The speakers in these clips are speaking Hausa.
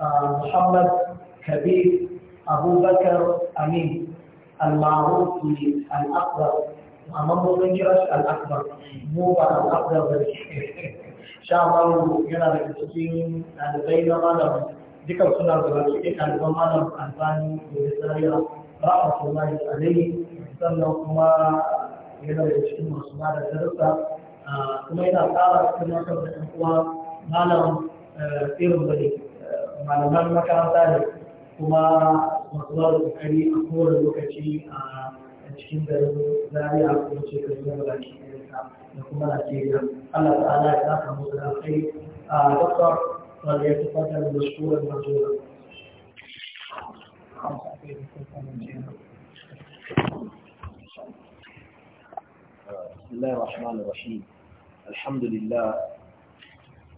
آه، محمد كبير أبو بكر أمين المعروف الأكبر أمام من الأكبر مو الأكبر بالكثير شامل ينا بالكثير البين مالهم ذكر سنة بالكثير البين مالهم الباني ويساريا رحمة الله عليه sannan kuma yana da cikin الدرس ba da darussa kuma yana tsara cikin wata da ɗan malaman makaranta ne kuma masu zuwa da kokari a kowane lokaci a cikin garin zaria ko ce ka zuwa da ke da kuma najeriya allah ta'ala ya saka musu da alkhairi a doktor wanda ya tabbatar da mashkuran majora بسم الله الرحمن الرحيم الحمد لله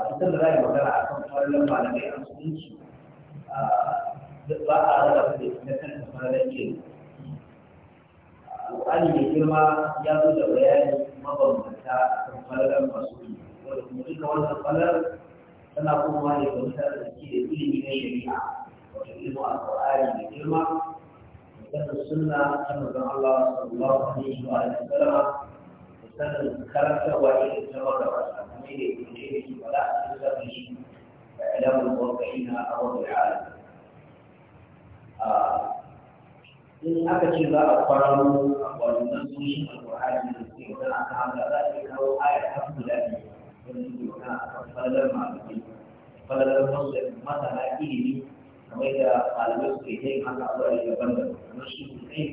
a duk da za a magana a kan kwallon malamai a sunsu ba a rada da na kan kwallon ke alƙali mai girma ya zo da bayani mabambanta a kan kwallon masu yi wanda kuma duka wannan kwallon tana kuma ne ga mutane da ke da ilimi na shari'a wato ilimin alƙali mai girma da sunna ta manzon Allah sallallahu alaihi wa sallam da sanin karantarwa irin ta magabata تفصيل المجيد ولا تسمي إعلام الموقعين أرض العالم in aka ce za a kwararo a kwanan soshin alkur'ani da suke wani aka hamla za a kawo ayar har guda biyu wanda suke yana a kan falalar malamai falalar masu masana ilimi kamar da malamai suke yi haka a wurare daban-daban kamar shi ne kai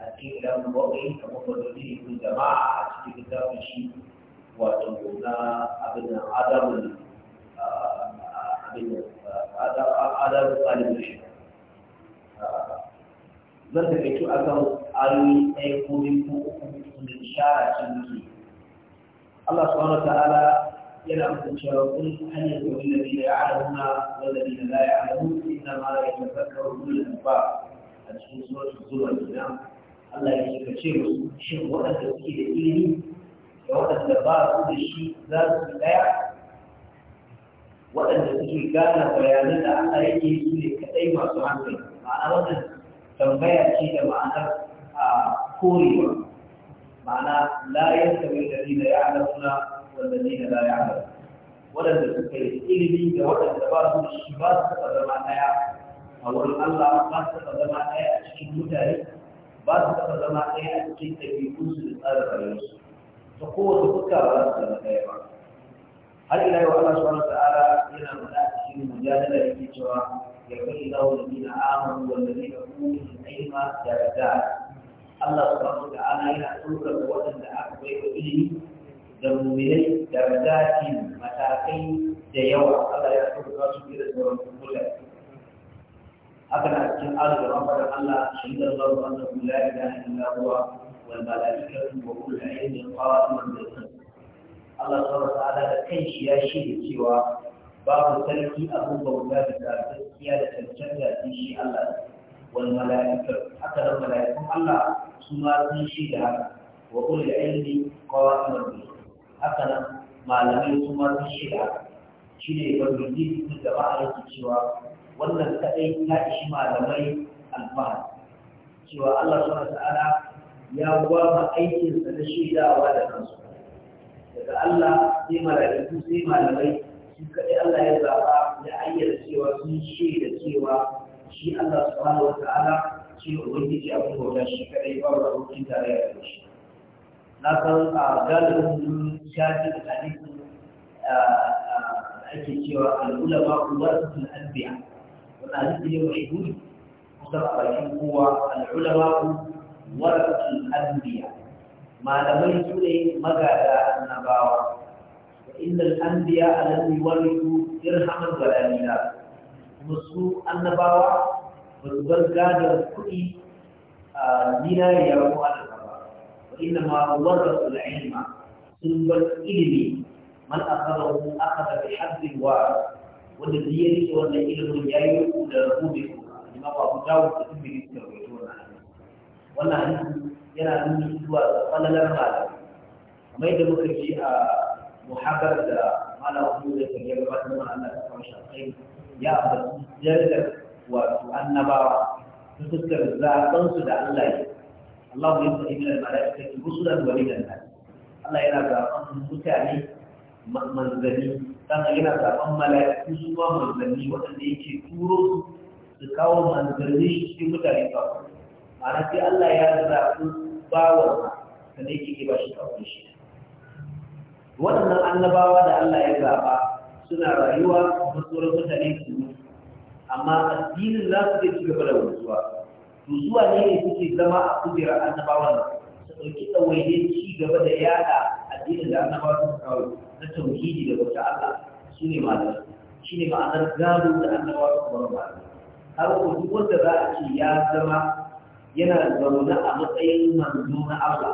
a cikin idan bakwai kamar kwanoni ne jama'a a cikin littafin shi wato na abin adamun abin adamun tsalin shi zan da kai a kan ayoyi ɗaya ko biyu ko uku da shara cin Allah subhanahu wa ta'ala yana hukunci wa kun hanyar da wani nabi da ya alamuna wanda ne da la ya alamu inna ma ya tabbakar wani ba a cikin suratul zuwa gida Allah ya ce ka ce musu shin waɗanda suke da ilimi da waɗanda ba su da shi za su fi ɗaya waɗanda suke gane bayanan da Allah yake su ne kaɗai masu hankali ma'ana wannan tambaya ce da ma'anar a korewa ma'ana layar sabbin da zina ya ala suna wanda zina la ya ala waɗanda suka yi ilimi da waɗanda ba su da shi ba su taɓa zama ɗaya a wurin Allah ba su taɓa zama ɗaya a cikin mutane ba su taɓa zama ɗaya a cikin ɗabi'unsu da tsarin rayuwarsu ta kowace fuska ba za su zama ɗaya ba har ila yau Allah subhanahu ta'ala yana faɗa a cikin mujadala yake cewa ya kai lahu ladina amanu wal ladina utul da darajat Allah subhanahu ta'ala yana ɗaukar waɗanda aka bai wa ilimi da mu'minai darajatin matakai da yawa Allah ya ɗaukar su da sauran mutane haka na cikin alu da mafarar Allah shaidar Allah wa annahu la ilaha illa huwa والملائكة وكل علم قائم بالقسط Allah subhanahu ta'ala da kanshi ya shirya cewa babu sarki abun bauta da gaskiya da cancanta sun shi Allah wal mala'ika haka nan Allah su ma sun shi da haka wa ulul ilmi qawaimul malamai su shine a cewa wannan kaɗai ta ishi malamai alfahari cewa Allah subhanahu ta'ala ya gwama aikinsa na shaidawa da kansu daga Allah sai mala'iku sai malamai su kaɗai Allah ya zaɓa ya ayyana cewa sun shaida cewa shi Allah subhanahu wa ta'ala shi ubangiji abin bauta shi kaɗai ba wa abokin tarayya da shi na san a galibin shafi da hadisin ake cewa al'ulama warasatul anbiya wannan hadisi ne mai gudu kusan a bakin kowa al'ulama warasul anbiya malamai su ne magada annabawa wa innal anbiya alam yuwarithu dirhaman wala dinara kuma su annabawa ba su bar kuɗi a dinariya a alaka ba wa inna ma warasul ilima sun bar ilimi man akhadahu akhadha bi haddin wa wanda zai rike wannan ilimin yayi da rubutu imam ku dawo da tirmidhi wannan hadisi yana nuni zuwa tsananar falalar malamai kamar yadda muka ji a muhabbar da malam Abu da ke gabatar mana Allah ta kawo shi ya ambaci darajar wato annabawa ta fuskar zaɓen su da Allah ya Allah ya faɗi min al-mala'ikati rusulan wa min Allah yana zaɓen mutane manzanni sannan yana zaɓen mala'iku su ma manzanni waɗanda yake turo su su kawo manzanni cikin mutane kafin ma'ana sai Allah ya zaɓi bawansa sannan ke ba shi kawai shi waɗannan annabawa da Allah ya zaɓa suna rayuwa da tsoron mutane su mutu amma addinin za su zai ci gaba da wanzuwa to zuwa ne ne suke zama a kujera annabawan nan su ɗauki ɗawaine ci gaba da yaɗa addinin da annabawa suka kawo na tauhidi da wata Allah su ne malamai shi ne ma'anar gado da annabawa suka kawo malamai har ko duk wanda za a ce ya zama yana zaune a matsayin manzo na Allah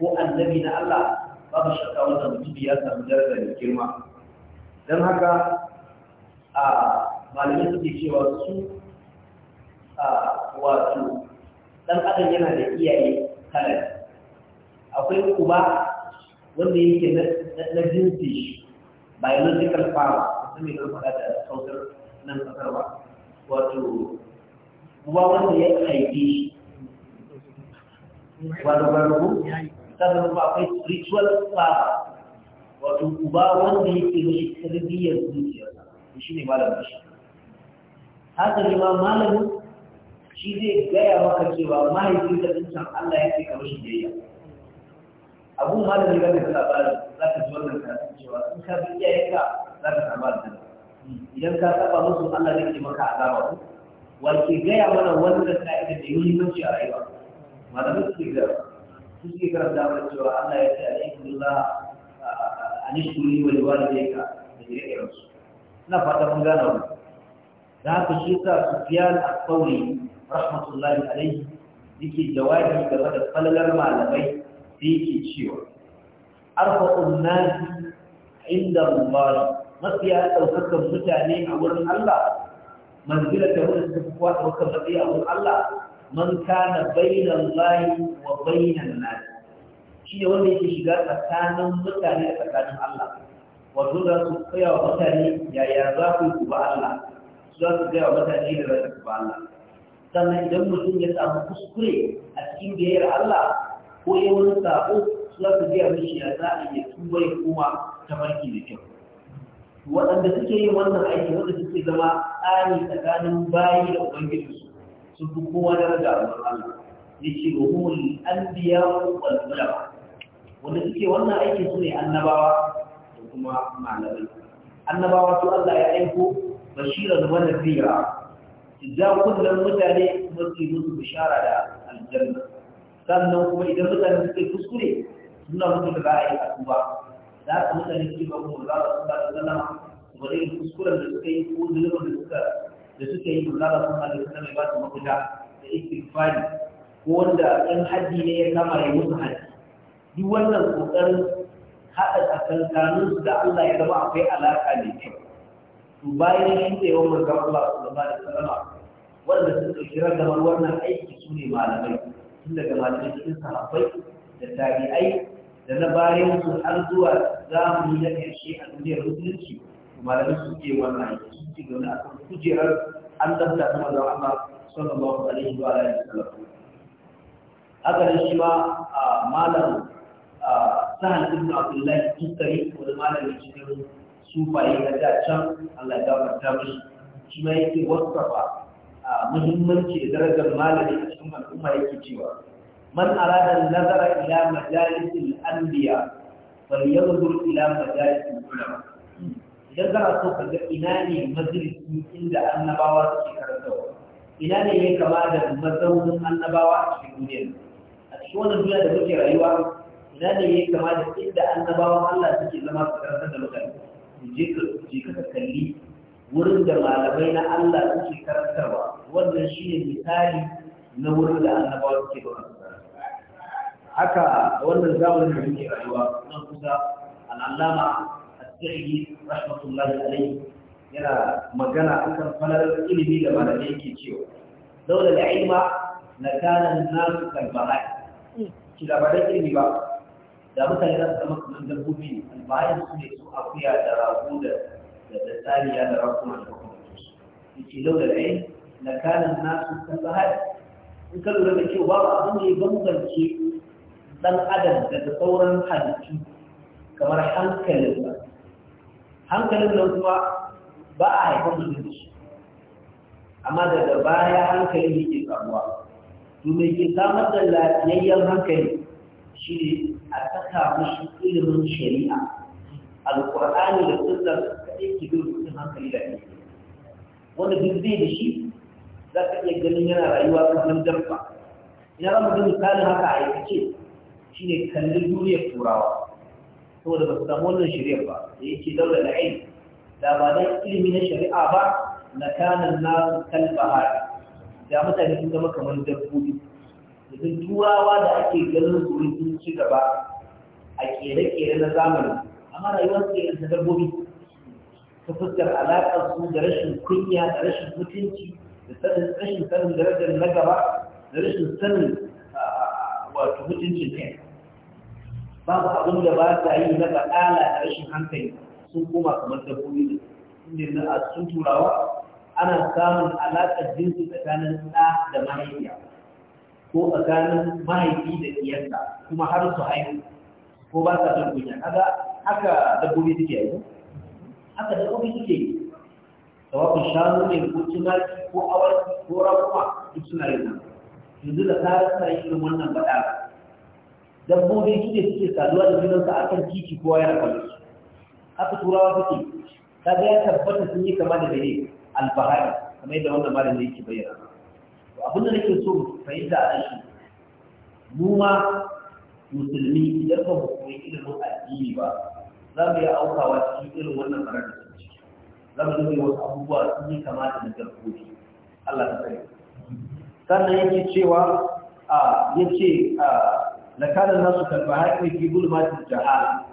ko annabi na Allah babu shakka wannan mutum ya samu daraja da girma don haka a malamin suke cewa su a wato dan adam yana da iyaye kala akwai uba wanda yake na jinsi biological power mutum ne faɗa da saukar nan kasar ba wato uba wanda ya haife shi gwargwargo sannan ba akwai 'Ritual father wato uba wanda yake mashi tarbiyyar zuciyarsa shi ne malamin shi haka ne ma malamin shi gaya maka cewa mahaifin da dukkan Allah yake kamar shi da yaya abun malami ga da labarin za ka ji wannan karatu cewa in ka za ka samu aljanna idan ka musu Allah zai ke maka azaba ku wace gaya mana wannan ka'ida da muhimmanci a rayuwa malamai suke da suke karanta da cewa Allah ya ce alhamdulillah anishkuri wa liwalidayka da ire-iren su ina fata mun gane wannan da haka shi sa Sufyan al-Thawri rahmatullahi alayhi yake jawabi game da falalar malamai da yake cewa arfa'un nas inda Allah mafiya daukakan mutane a wurin Allah manzila ta wurin su kuwa daukakan matsayi a wurin Allah man kana bainan layi wa bainan nasi shi ne wanda yake shiga tsakanin mutane da tsakanin Allah wato za su koya wa mutane yaya za ku yi ba Allah su za su gaya wa mutane da za su ba Allah sannan idan mutum ya samu kuskure a cikin biyayyar Allah ko ya wani sako su za su gaya mishi ya za a iya tuba ya koma ta farki da kyau waɗanda suke yin wannan aiki wanda suke zama tsani tsakanin bayi da ubangijinsu sun fi kowa daraja a wurin Allah yace wa humul anbiya wal ulama wanda suke wannan aikin su ne annabawa da kuma malamai annabawa su Allah ya aiko bashiran wa nadhira za kullum mutane kuma su yi musu bishara da aljanna sannan kuma idan mutane suke kuskure suna mutu da ra'ayi a tuba za ka mutane su yi ba kuma za su ba da zama kuma dai kuskuren da suka yi ko zulmin da suka da suka yi manzala suna hada su mai ba su mafita da istighfari ko wanda in haji ne ya kama ya musu haji duk wannan kokarin haɗa tsakankanin su da Allah ya zama akwai alaƙa ne kyau to bayan shuɗewar manzon Allah zama da wasallam wanda sun kira da wannan aiki su ne malamai tun daga malamai cikin sahabbai da tabi'ai da na bayan su har zuwa zamani na ƙarshe a duniyar musulunci malamai suke wannan aiki suke zaune a kan kujerar an dafta ta manzon Allah sallallahu alaihi wa alihi wasallam haka ne shi ma malam sahal ibn abdullahi tuskari wani malami cikin sufaye na da can Allah ya gafarta mishi shi ma yake wasafa muhimmanci da darajar malami a cikin al'umma yake cewa man arada nazara ila majalisil anbiya fal yanzur ila majalisil ulama idan kana so ka ga ina ne majalisi inda annabawa suke karantawa ina ne ya kama da mazaunin annabawa a cikin duniyar a cikin wannan duniya da muke rayuwa ina ne ya kama da inda annabawan Allah suke zama su karantar da mutane je ka kalli wurin da malamai na Allah suke karantarwa wannan shi ne misali na wurin da annabawa suke karantarwa haka wannan zamanin da muke rayuwa nan kusa al'allama jirgi rahmatullahi alaihi yana magana akan falar ilimi da mana da yake cewa laula da ilma na kana nasu kalbahai ki da ba da ilimi ba da mutane za su zama kamar dabbobi albayan su ne su akuya da rago da da tsariya da rakuma da kuma su yake laula da ilmi na kana nasu kalbahai in ka lura da cewa babu abin da ya bambance dan adam daga sauran halittu kamar hankalin ba. hankalin nan kuma ba a haifar mutum da shi amma daga baya hankalin yake samuwa to mai ke samar da lafiyayyen hankali shi ne a saka mashi ilimin shari'a alƙur'ani da sunna kaɗai ke bin kusan hankali da ke wanda duk zai da shi za ka iya ganin yana rayuwa kamar dabba ina ramu da misalin haka a aikace shi ne kallon duniyar turawa saboda ba su samu wannan shari'ar ba da yake daula da aini da ba dan ilimi na shari'a ba na kanan na kalbahar da mutane sun zama kamar dabbobi yanzu turawa da ake ganin su sun ci gaba a kere-kere na zamani amma rayuwar su irin dabbobi ta fuskar alaƙar su da rashin kunya da rashin mutunci da rashin sanin darajar na gaba da rashin sanin wato mutuncin kai babu abin da ba ta yi na baɗala da rashin hankali sun koma kamar dabbobi ne inda na a sun turawa ana samun alaƙar jinsi tsakanin ɗa da mahaifiya ko tsakanin mahaifi da ɗiyarsa kuma har su haihu ko ba sa son kunya kaga haka dabbobi suke yi haka dabbobi suke yi tawafin shanu ne ko tumaki ko awaki ko rakuma duk suna yi nan yanzu da ta suna yin wannan baɗala dabbobi su ne suke saduwa da junansa a kan titi kowa yana kwallo su haka turawa kake, ta ga ya tabbata sun yi kama da dare albahari kamar yadda wannan malamin yake bayyana to abin da nake so mu fahimta a shi mu ma musulmi idan ba mu koyi ilimin addini ba za mu yi aukawa cikin irin wannan farar da suke ciki za mu zama wasu abubuwa sun yi kama da na dabbobi Allah ta sani sannan yake cewa a yace a la kana nasu kalbahari fi gulmati jahala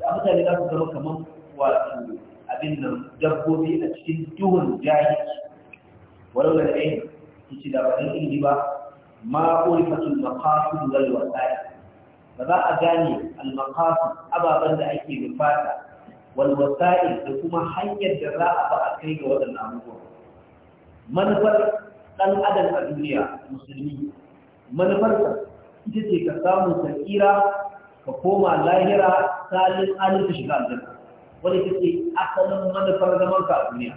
da mutane za su zama kamar wato abin nan dabbobi a cikin duhun jahilci walau da ɗaya kici da ba ɗan ilimi ba ma urifatul maqasid wal wasail ba za a gane al ababen da ake nufata wal wasail da kuma hanyar da za a ba a kai ga waɗannan abubuwa manufar ɗan adam a duniya musulmi ta. ita ce ka samu ka ka koma lahira salin alin shiga aljanna wani ita ce asalin manufar zaman ka a duniya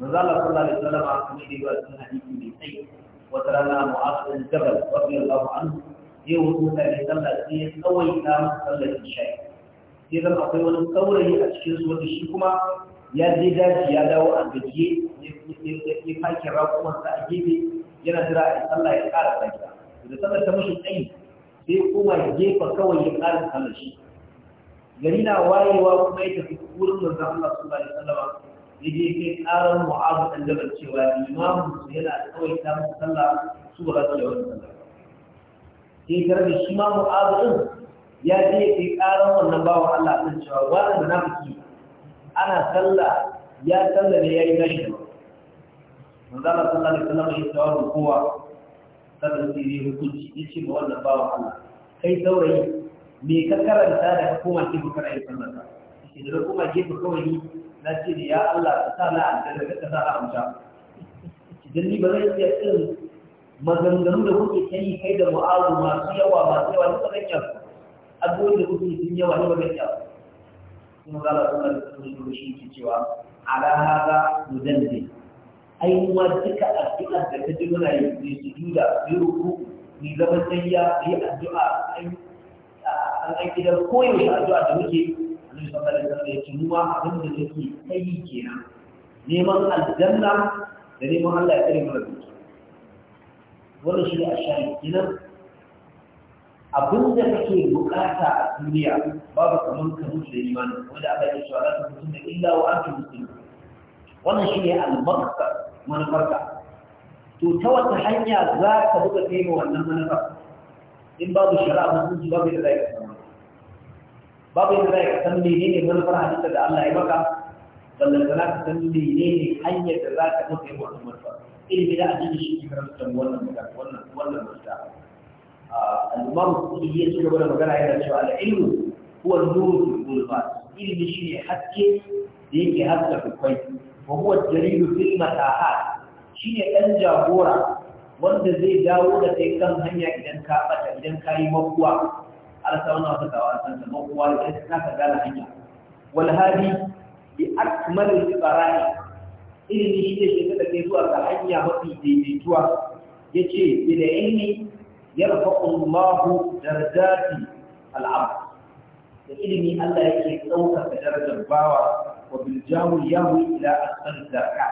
sallallahu alaihi wasallam kuma dai ba hadisi mai tsayi wata rana mu'adh bin jabal da sallah sai ya sai akwai wani saurayi a cikin su shi kuma ya je daji ya dawo a gajiye ya a gefe yana jira a sallah ya ƙara tsaki da sallar ta mashi tsayi sai kuma jefa kawai ya ƙara sallar shi gari na wayewa kuma ya tafi wurin manzon Allah sallallahu da wasallam ya je kai ƙarar mu'azu dan jabal cewa limamin su yana kawai ta musu sallah su ba za su yi wani sallah sai tare da shi ma mu'azu din ya je kai ƙarar wannan bawan Allah din cewa wannan munafiki ana sallah ya sallah ne yayi gashi da manzon Allah sallallahu alaihi wasallam ya tawo kowa sannan sai zai hukunci ya ce ma wannan wa Allah kai saurayi me ka karanta da ka koma gefe kana yin sallar ka ce da koma ke kawai ni na ce da ya Allah ka sa na aljanna ka ka sa haramta idan ni ba zai iya irin maganganu da kuke ta yi kai da mu'azu masu yawa masu yawa ni ba zan iya da kuke sun yawa ni ba zan kuma za a sanar da sun shi ke cewa ala mu mujaddid aiwa duka addu'ar da ta ji muna yi ne su juda yi ruku ni zama sayya yi addu'a an an gidan koyaushe addu'a da muke annabi sallallahu alaihi wasallam ya ce mu ma abin da take kai kenan neman aljanna da neman Allah ya tsare mana duki wannan shi ne a shari kenan abin da kake bukata a duniya babu kamar ka mutu da imani wanda Allah ya ce wa la tukunna illa wa antum muslimun wannan shi ne al-maqsad manufarka to ta wata hanya za ka buga kai wannan manufar in babu shari'a musulunci babu yadda za ka san babu yadda za ka san ne manufar halitta da Allah ya maka sannan za ka san ne hanyar da za ka buga kai wannan manufar ilimi da addini shi ke karanta wannan wannan wannan musta al-imam kudi ya ci gaba da magana yana cewa al-ilmu huwa an-nur ba al ilimi shi ne haske da yake haska kwai wa Jaridu Filmataha shi ne shine jagora wanda zai dawo da kai kan hanya idan ka bata idan ka yi makuwa ala sauna ta dawa san ta makuwa da ka ka gane hanya wal hadi bi akmalil qara'i ilimi shi ne shi da kai zuwa ga hanya mafi daidaituwa yace bi da ilmi yarfa'u Allahu darajati al-'abd ilimi Allah yake ɗaukaka darajar bawa wa bil ya yahu ila asal zakka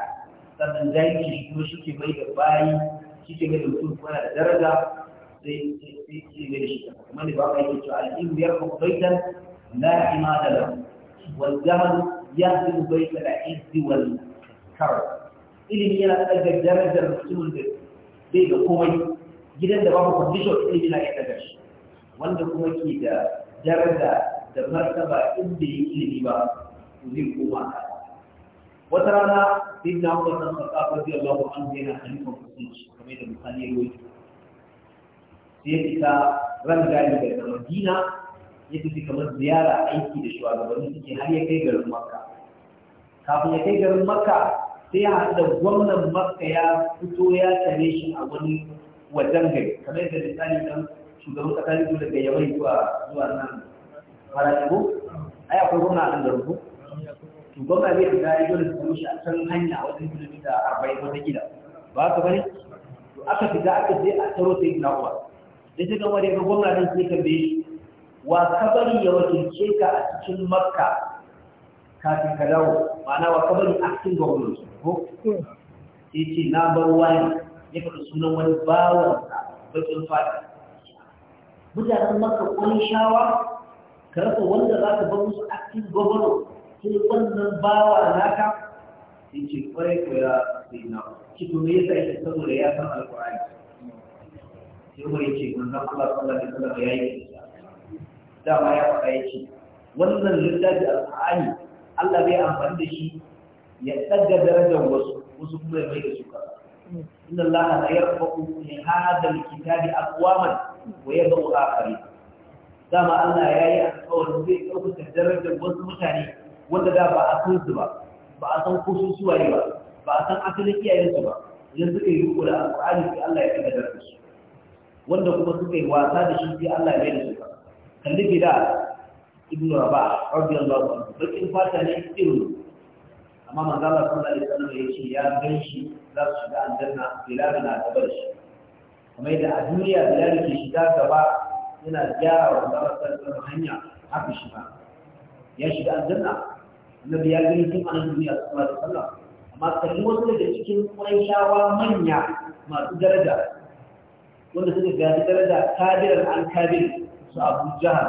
sannan zaki shi kuma shi ke bai da bayi shi ke bai da mutum kuma da daraja sai sai sai bai da shi kuma ne ba kai yake cewa al-ilmu yarfa baitan la imada lahu wal jahl yahdu baita da izzi wal karam ilimi yana ɗaga darajar mutumin da bai da komai gidan da babu condition ilimi na iya shi wanda kuma ke da daraja da martaba inda ya yi ilimi ba zai koma ta wata rana sai na umar nan kafa zai Allah ko an yana halifan kusanci kamar da misali ya roki sai fita ran gani kamar dina ya tafi kamar ziyara aiki da shugabanni suke har ya kai garin Makka kafin ya kai garin Makka sai ya haɗu da gwamnan Makka ya fito ya tare shi a wani wajen gari kamar da misali dan shugaban kasa ne daga yawai zuwa zuwa nan fara ko ai akwai gwamna a garin ko to gwamna zai fita ya dole su kuma shi a san hanya a wajen kilomita arba'in wata gida ba ka bane to aka fita aka je a taro sai na uwa da ta gama da ga gwamna din sai ka be shi wa kabari ya wakilce ka a cikin makka kafin ka dawo ma'ana wa kabari a cikin gwamnati ko ya ce na bar wani ya faɗi sunan wani bawansa bakin fata mutanen makka maka shawa? ka wanda za ka bar musu active governor ko wannan bawa alaka. sai ce kwarai ko ya sai na ki to me yasa yake saboda ya san Alƙur'ani. sai wani ce manzon Allah sallallahu alaihi wasallam ya yi da ma ya faɗa yake wannan littafi Alƙur'ani, Allah bai amfani da shi ya tsaga darajar wasu wasu kuma ya mai da su kasa inna Allah la yarfa'u min hadha alkitabi aqwaman wa yadau akharin dama Allah ya yi alƙawarin zai ɗaukaka darajar wasu mutane wanda da ba a san su ba ba a san kusun suwaye ba ba a san asalin iyayensu ba idan suka yi riko da alƙur'ani sai Allah ya ɗaga darajar su wanda kuma suka yi wasa da shi sai Allah ya mai da su ba kalli gida ibn rabah radiyallahu anhu bakin fata ne irin amma manzo Allah sallallahu alaihi wasallam ya ce ya gan shi za su shiga aljanna bilal na gaba da shi kuma da a duniya bilal ke shiga gaba yana gyara wa Allah sallallahu hanya haka shi ba ya shiga aljanna annabi ya gani tun anan duniya sallallahu da wasallam amma kalli wasu daga cikin shawa manya masu daraja wanda suka gaji daraja kabiran an kabir su Abu jihar,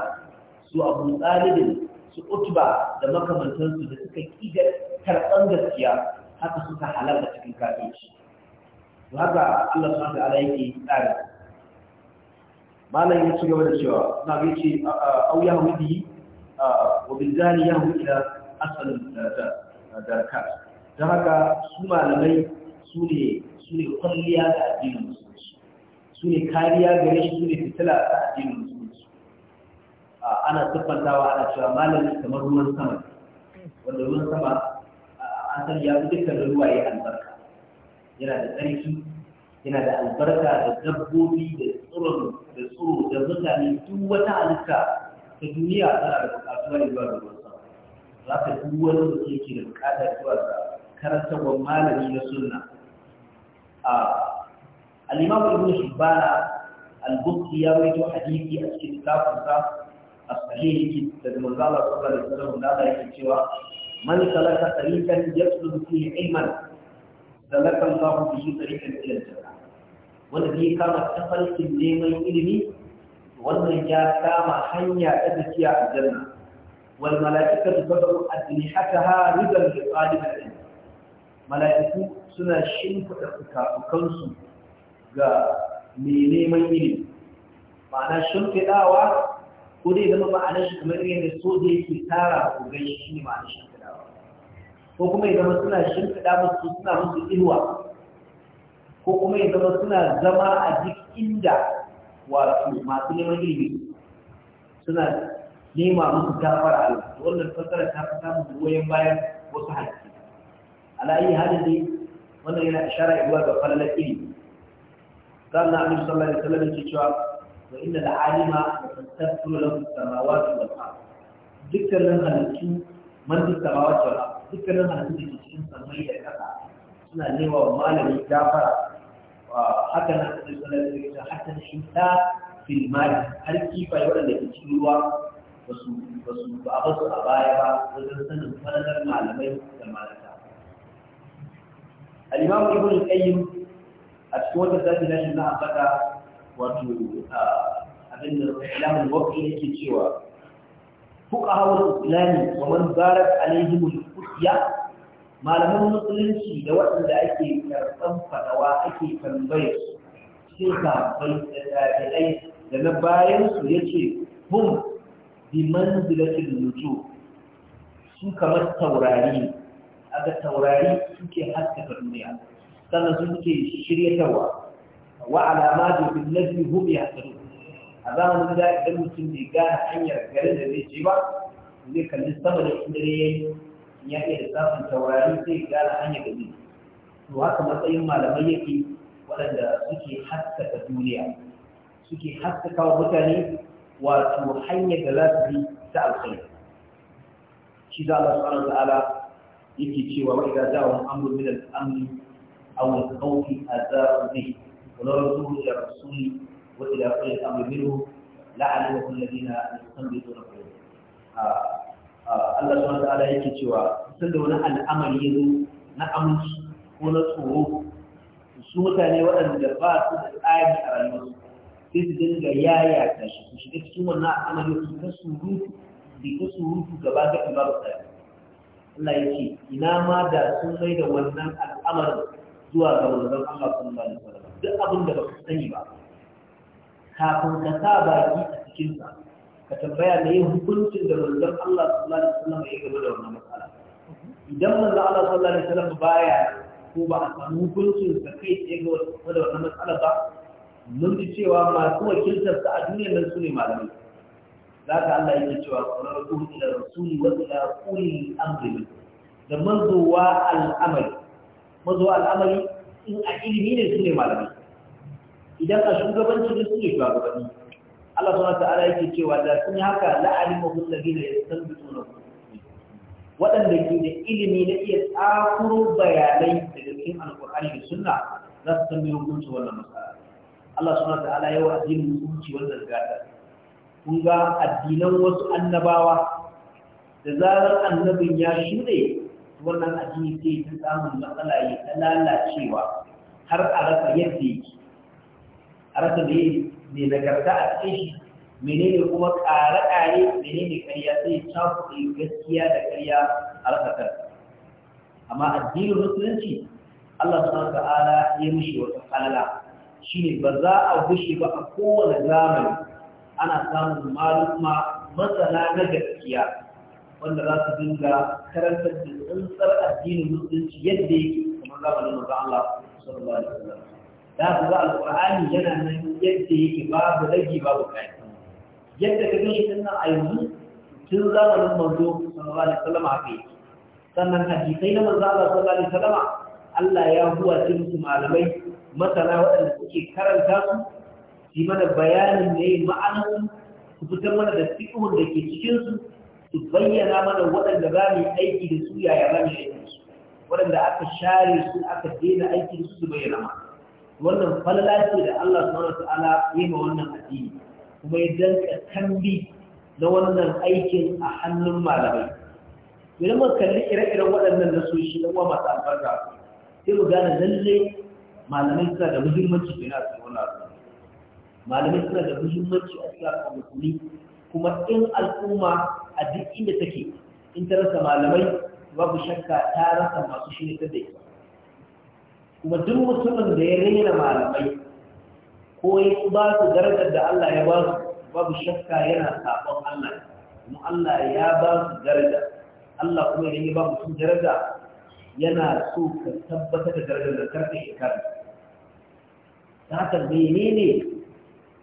su Abu Talib su Utba da makamantansu da suka kiga karɓan gaskiya haka suka halaka cikin kafirci to haka Allah subhanahu da ta'ala yake tsari malam ya ci gaba da cewa na bai ce au ya hawi bihi wa bizani ya hawi ila asalin ka. don haka su malamai su ne su ne kwalliya da addinin musulunci su ne kariya gare shi su ne fitila da addinin musulunci ana siffantawa ana cewa malami kamar ruwan sama wanda ruwan sama an san ya fi dukkan ruwaye albarka yana da tsarki yana da albarka da dabbobi da tsiro da tsiro da mutane duk wata halitta ta duniya tana da bukatuwa zuwa ga ruwan sama za ka duk wani mutum yake da bukatar zuwa ga karantarwar malami na sunna a al-imam ibn shibana al-bukhari ya rawaito hadisi a cikin kitabunsa as-sahih da manzo Allah sallallahu alaihi wasallam da yake cewa man salaka tariqan yasluku fihi ilman salaka Allah bihi tariqan ila al-jannah wanda zai kama ta tafarkin neman ilimi wannan ya kama hanya ta tafiya a janna wal mala'ikatu tadru ajnihataha ridan li talibin ilm mala'iku suna shimfida fukafukansu ga mai neman ilimi ma'ana shimfidawa ko dai zama ma'anar shi kamar yadda soja yake tara ko gaishe shi ne ma'anar shimfidawa ko kuma ya zama suna shimfida musu suna musu inuwa ko kuma ya zama suna zama a duk inda wato masu neman ilimi suna nema musu gafara Allah wannan fasara ta fi samun goyon bayan wasu hadisi ala ayi hali ne wannan yana ishara zuwa ga falalar ilimi sannan annabi sallallahu alaihi wasallam yake cewa wa inna da alima tastasru lahu as-samawati wal ard dukkanin halittu man as-samawati wal ard dukkanin halittu da ke cikin samai da kasa suna nema wa malami gafara haka nan da suna da rikita haka na hinta filmari har kifaye waɗanda ke cikin ruwa ba su ba a basu a baya ba wajen sanin falalar malamai da malata al'imamu ibn al-qayyim a cikin wata zafi na shi na ambata wato abin da ilamun wafi yake cewa fuka hawar islami wa man barak alaihimul kusiya malaman musulunci da waɗanda ake karɓan fadawa ake tambaya su ka bai da tabi'ai da na bayan su yace hum bi manzilatil nuju su kamar taurari ga taurari suke haskaka duniya sannan su suke shiryatarwa wa alama bil najmi hum yahtadun a zamanin da idan mutum bai gane hanyar garin da zai je ba zai kalli sama da ya yayi ya iya lissafin taurari zai gane hanyar da zai to haka matsayin malamai yake waɗanda suke haskaka duniya suke haskaka wa mutane wato hanyar da za su bi ta alkhairi shi za Allah subhanahu wa ta'ala yake cewa wa idza ja'a amrun min al-amri aw al-khawf azaa'u bihi wa la rasulu ila rasuli wa ila kulli amrin minhu la'alamu alladhina yastanbituna minhu Allah subhanahu ta'ala yake cewa sun da wani al'amari ya zo na aminci ko na tsoro su mutane waɗanda ba su da tsari a rayuwarsu sai su dinga yaya ta shi su shiga cikin wannan al'amari su ta surutu su ta surutu gaba ga babu tsari Allah ya ce ina ma da sun mai da wannan al'amarin zuwa ga manzon Allah sallallahu alaihi wasallam duk abin da ba su sani ba kafin ka sa baki a cikinsa. ka tambaya me hukuncin da manzon Allah sallallahu alaihi wasallam ya gaba da wannan matsala idan manzon Allah sallallahu alaihi wasallam baya ko ba a samu hukuncin da kai ya gaba da wannan matsala ba mun ji cewa masu wakiltar sa a duniyar nan su ne malamai za ka Allah yake cewa ƙwararra kuma ila rasuli wa ila ƙuli amri da mazowa al'amari mazowa al'amari in a ilimi ne su ne malamai idan a shugabanci ne su ne shugabanni Allah subhanahu ta'ala yake cewa da sun haka la'alimu alladhina yastanbituna waɗanda ke da ilimi na iya tsakuro bayanai daga cikin alƙur'ani da sunna za su san mai hukunci wannan matsala Allah subhanahu ta'ala yawa addinin hukunci wannan gata kun ga addinan wasu annabawa da zarar annabin ya shuɗe wannan addini sai ta samun matsala ya ta lalacewa har a rasa yadda yake a rasa da yake mai nagarta a cikin shi menene kuma ƙare-ƙare menene ƙarya sai cakuɗe gaskiya da ƙarya a rasakar amma addinin musulunci Allah subhanahu ta'ala ya mushi wata kalala shine ba za a bushe ba a kowane zamani ana samun maluma masana na gaskiya wanda za su dinga karantar da tsantsar addinin musulunci yadda yake kamar zamanin manzo Allah sallallahu alaihi wasallam za ku ga alƙur'ani yana nan yadda yake babu rage babu kayan. yadda ka gani din nan a yanzu tun zamanin manzo sallallahu alaihi wasallam haka yake sannan hadisai na manzo Allah sallallahu alaihi wasallam Allah ya huwa malamai masana waɗanda suke karanta su yi mana bayanin ne ma'anar su fitar mana da fi'un da ke cikin su su bayyana mana waɗanda za mu aiki da su yaya za mu aiki da su waɗanda aka share su aka daina aiki da su su bayyana mana wannan falala ce da Allah subhanahu wataala yi ma wannan addini kuma ya danka tambi na wannan aikin a hannun malamai idan mun kalli ire-iren waɗannan nasoshi na kuma masu albarka sai mu gane lalle malamai suna da muhimmanci da nasu wannan malamai suna da muhimmanci a cikin al'umma, kuma in al'umma a duk inda take in ta rasa malamai babu shakka ta rasa masu shirya da ita kuma duk mutumin da ya raina malamai ko ya ba su darajar da Allah ya ba su babu shakka yana sabon Allah kuma Allah ya ba su daraja Allah kuma ya yi ba mutum daraja yana so ka tabbatar da darajar da karka shekaru ta haka menene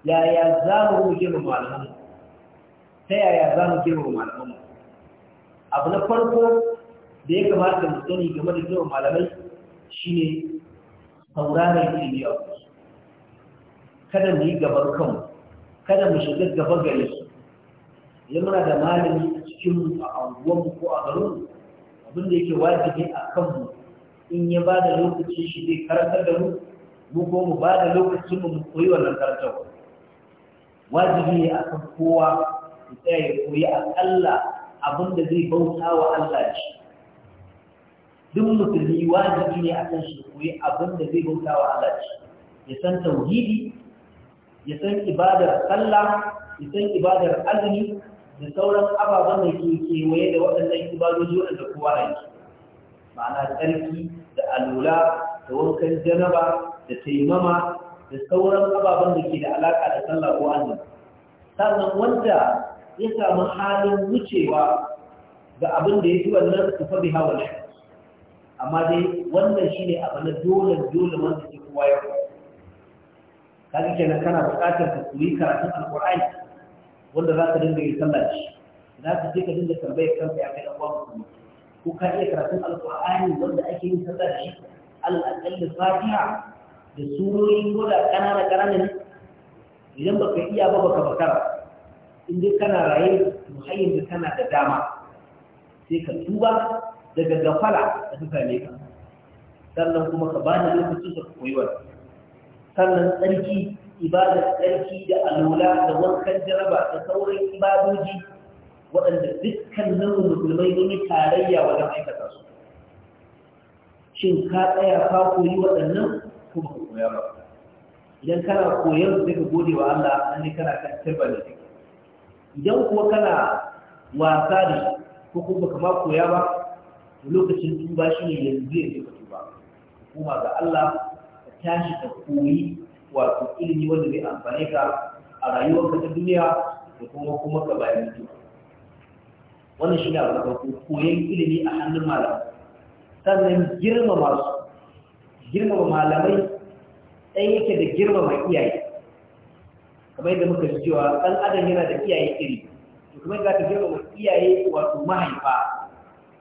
yaya za mu girma malamanmu ta yaya za mu girma malamanmu abu na farko da ya kamata mu sani game da girma malamai shine saurarar ilimi a kusa kada mu yi gaban kanmu kada mu shiga gaba gare su ya muna da malami a cikin a anguwanmu ko a garinmu abin da yake wajibi a kanmu in ya ba da lokacin shi zai karantar da mu mu ko mu ba da lokacin mu mu koyi wannan karantar wajibi ne a kan kowa ya tsaya ya koyi aƙalla abin da zai bauta wa Allah shi duk musulmi wajibi ne a kan shi koyi abin da zai bauta wa Allah ya san tauhidi ya san ibadar sallah ya san ibadar azumi da sauran ababen da ke kewaye da waɗannan ibadoji waɗanda kowa na ma'ana tsarki da alula da wankan janaba da taimama da sauran ababen da ke da alaƙa da sallah ko azumi sannan wanda ya samu halin wucewa ga abin da ya fi wannan tufa bi hawa amma dai wannan shi ne abu na dole dole wanda ke kowa ya koya kaga kenan kana buƙatar ka koyi karatun alqur'ani wanda za ka dinga yin sallah shi za ka je ka dinga tambayar kanka ya kai dan uwan musulmi ko ka iya karatun alqur'ani wanda ake yin sallah da shi Al'adar da fatiha da surori ko da ƙanana ƙanana ne idan baka iya ba baka bakara in dai kana raye muhayyin da kana da dama sai ka tuba daga gafala da suka ne ka sannan kuma ka bani lokacin da koyi wa sannan tsarki ibadar tsarki da alula da wankan jaraba da sauran ibadoji waɗanda nan musulmai ne tarayya wajen aikata su shin ka tsaya ka koyi waɗannan kuma ka koya ba idan kana koyar da ka gode wa Allah an ne kana kan tirba da idan kuwa kana wasa shi ko kuma kama koya ba lokacin tuba shi ne yanzu ya ce ka tuba kuma ga Allah ka tashi ka koyi wato ilimi wanda zai amfane ka a rayuwarka ta duniya da kuma kuma ka bayan mutuwa wannan shi ne a na farko koyon ilimi a hannun malam, sannan girmama su girmama malamai ɗan yake da girmama iyaye kamar yadda muka cewa ɗan adam yana da iyaye iri to kuma yadda ka girmama iyaye wato mahaifa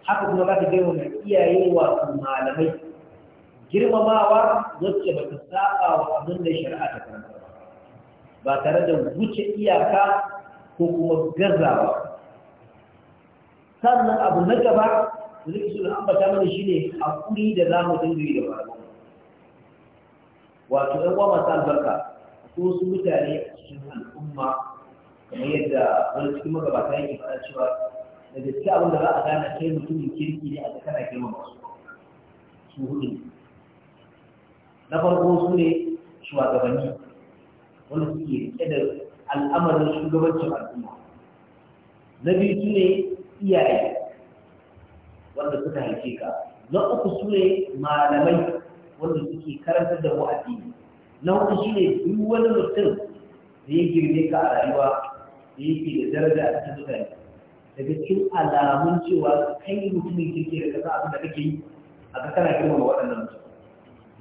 haka kuma za ta mai iyaye wa malamai girmamawa wacce ba ta saba wa abin da shari'a ta karanta ba tare da wuce iyaka ko kuma gazawa sannan abu na gaba da zai so da ambata mana shine kuri da za mu dinga yi da malamai wato ɗan uwa masu albarka ko su mutane a cikin al'umma kamar yadda wani cikin magabata yake fara cewa da gaske abin da za a gane kai mutumin kirki ne a tsakanin girman su hudu na farko su ne shugabanni wanda suke rike da al'amarin shugabancin al'umma na biyu su ne iyaye wanda suka haife ka na uku su ne malamai wanda suke karantar da wa'adi na uku su ne duk wani mutum da ya girme ka a rayuwa da yake da daraja a cikin mutane daga cikin alamun cewa kai mutumin kirki da kasa abin da kake yi a ga kana girmama waɗannan mutum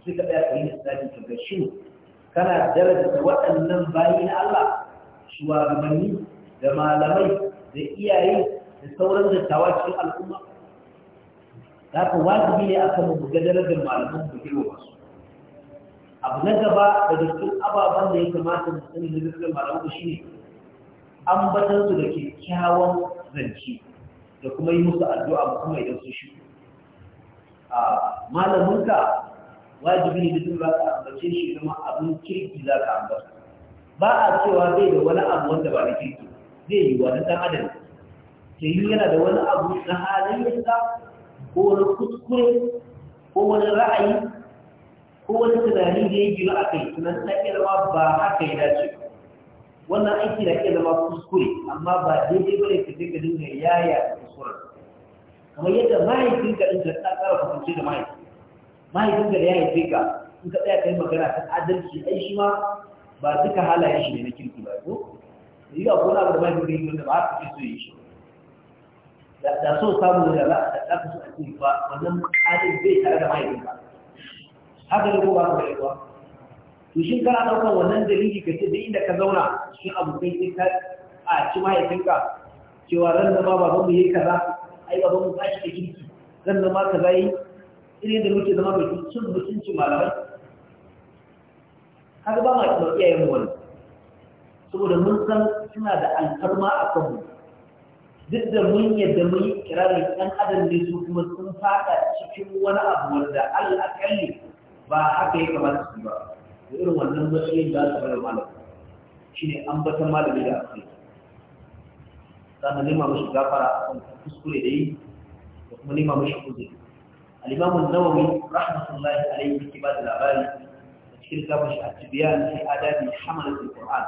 sai ka tsaya kai lissafi ka ga kana daraja waɗannan bayi na Allah shugabanni da malamai da iyaye da sauran dattawa cikin al'umma haka wajibi ne akan mu ga darajar malaman da girmama su abu na gaba da cikin ababen da ya kamata mu sani na darajar shi ne, shine batar su da kyakkyawan zance da kuma yi musu addu'a kuma idan su shi a malaminka wajibi ne mutum ba ka ambace shi zama abin kirki za ka ambata ba a cewa zai da wani abu wanda ba na kirki zai yi wani ɗan adam ke yi yana da wani abu na halayyarsa ko wani kuskure ko wani ra'ayi ko wani tunani da ya gina a kai tunan na iya ba haka ya dace wannan aiki na iya zama kuskure amma ba daidai bane ka je ka dinga yaya kuskuren kamar yadda mahaifinka din ka tsara kusance da mahaifi mahaifinka da ya haife ka in ka tsaya ka yi magana ta adalci ai shi ma ba duka halayen shi ne na kirki ba ko yi ga gona abu da ka yi wanda ba haka ke so yi shi da so samu da za a tsaka su a cikin ba wannan adalci zai tare da mahaifinka haka ne ko ba ka da yawa to shi kana ɗaukar wannan dalili ka ce duk inda ka zauna shi abu kai sai ka a ci mahaifinka cewa ran zama baban mu yayi kaza ai baban mu tashi da kirki ran zama kaza yi irin da muke zama mai cin mutunci malamai kaga ba ma ki iyayen mu wani saboda mun san suna da alfarma a kanmu duk da mun yadda mun yi kirarin ɗan adam ne su kuma sun fada cikin wani abu wanda Allah al'akalli ba haka ya kamata su ba da irin wannan matsayin za su bayar malam shi ne an bata malami da akwai sannan nema mashi gafara a kan kuskure da yi da kuma nema mashi kuzi alimamun nawawi rahmatullahi alaihi yake ba da labari Da cikin gafin shi a tibiyan sai adabi hamalar alkur'an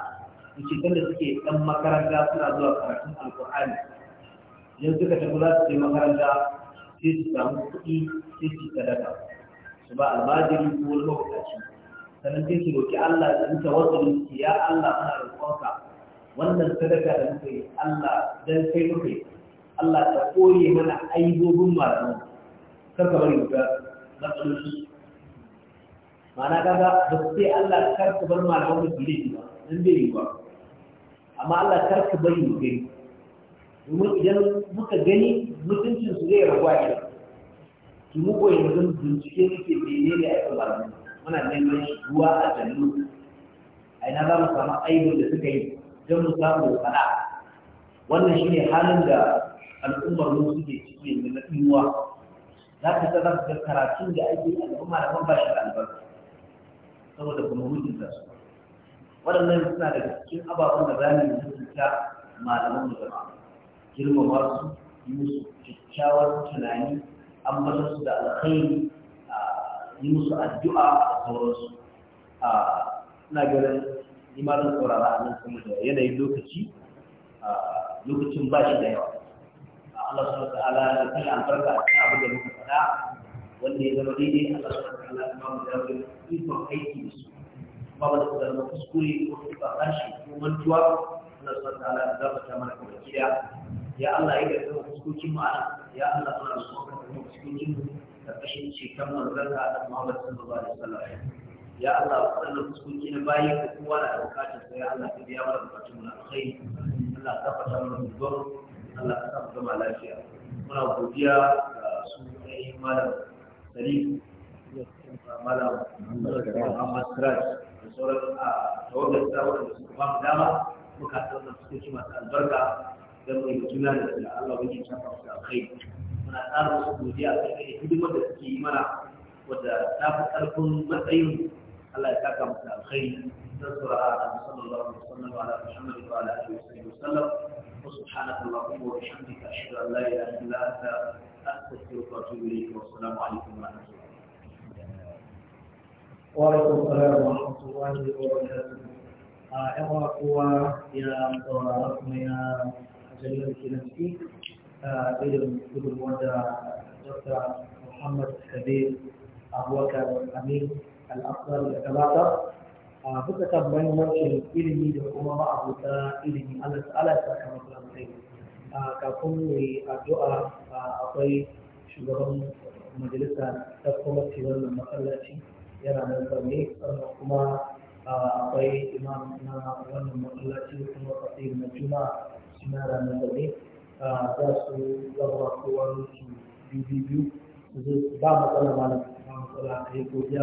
da ce kan da suke dan makaranta suna zuwa karatun alkur'ani idan suka tafi za su makaranta sai su samu kuɗi sai su sadaka su ba almajiri ko wani mabukaci sannan sai ki roki Allah da muka wasu ki ya Allah muna roƙonka wannan sadaka da muka yi Allah dan kai muka yi Allah ta koye mana aibobin malamu kar ka bari ga matsaloli ma'ana kaga ba su sai Allah kar ka bar malamu da gire ba dan bai yi ba amma Allah kar ka bari mu gani domin idan muka gani mutuncin su zai rabuwa ne ki mu koyi yanzu bincike ke menene a kan malamu muna neman ruwa a jannu a ina za mu samu aibin da suka yi don mu samu fara wannan shi ne halin da al'ummar mu suke ciki yanzu na ɗinuwa za ka san za ka karatun da ake yi al'umma da ban ba da albarka saboda kuma mutunta su waɗannan suna daga cikin ababen da za mu yi mutunta malaman mu jama'a girmama su yi musu kyakkyawar tunani an masa su da alkhairi yi musu addu'a a sauransu a na imanin tsorara a nan kuma da yanayin lokaci lokacin ba shi da yawa Allah su wa ta'ala da kai an farka a abu da muka faɗa wanda ya zama daidai Allah su wa ta'ala kuma mu da wani ikon aiki da su ba wani ku zama kuskure ko tuka harshe ko mantuwa Allah su wa ta'ala da zama ta mana kamar gida ya Allah ya ga kuskokin mu ya Allah suna so ta kuma kuskokin mu ƙarƙashin shekan manzon ka da Muhammad sallallahu alaihi wasallam ya Allah wannan fuskoki na bayi ko kowa na bukatar sai Allah ka biya mana bukatun mu na alkhairi Allah ka fata mana dubbar Allah ka samu zama lafiya muna godiya ga su ainihin malam Salim malam Muhammad Siraj da sauran a tawagar tsawon da suka ba mu dama muka tsawon da suke masu albarka don mai juna da Allah wajen shafa su alkhairi muna tsara wasu godiya a cikin hidimar da suke yi mana wadda ta fi ƙarfin matsayin Allah ya saka musu alkhairi dan sura Allah sallallahu alaihi wasallam ala Muhammad wa ala alihi wasallam wa subhanaka allahumma wa bihamdika ashhadu an la ilaha illa anta astaghfiruka wa atubu ilayk wa assalamu alaikum wa rahmatullahi وعليكم السلام ورحمة الله وبركاته. أنا أقوى إلى أن ترى رقمنا جميل في نفسي irin gudunmuwar da dr muhammad kabir abubakar amin al da gabata a bisa kan mahimmancin ilimi da kuma ma'abuta ilimi allah ta'ala ya saka masu alkai kafin mai addu'a akwai shugaban majalisa ta kuma ce wannan masallaci yana nan zaune sannan kuma akwai imam na wannan masallaci kuma fasir na juma'a suna ranar zaune za su zama kowa rufi su zo ba matsala ba ba matsala a yi godiya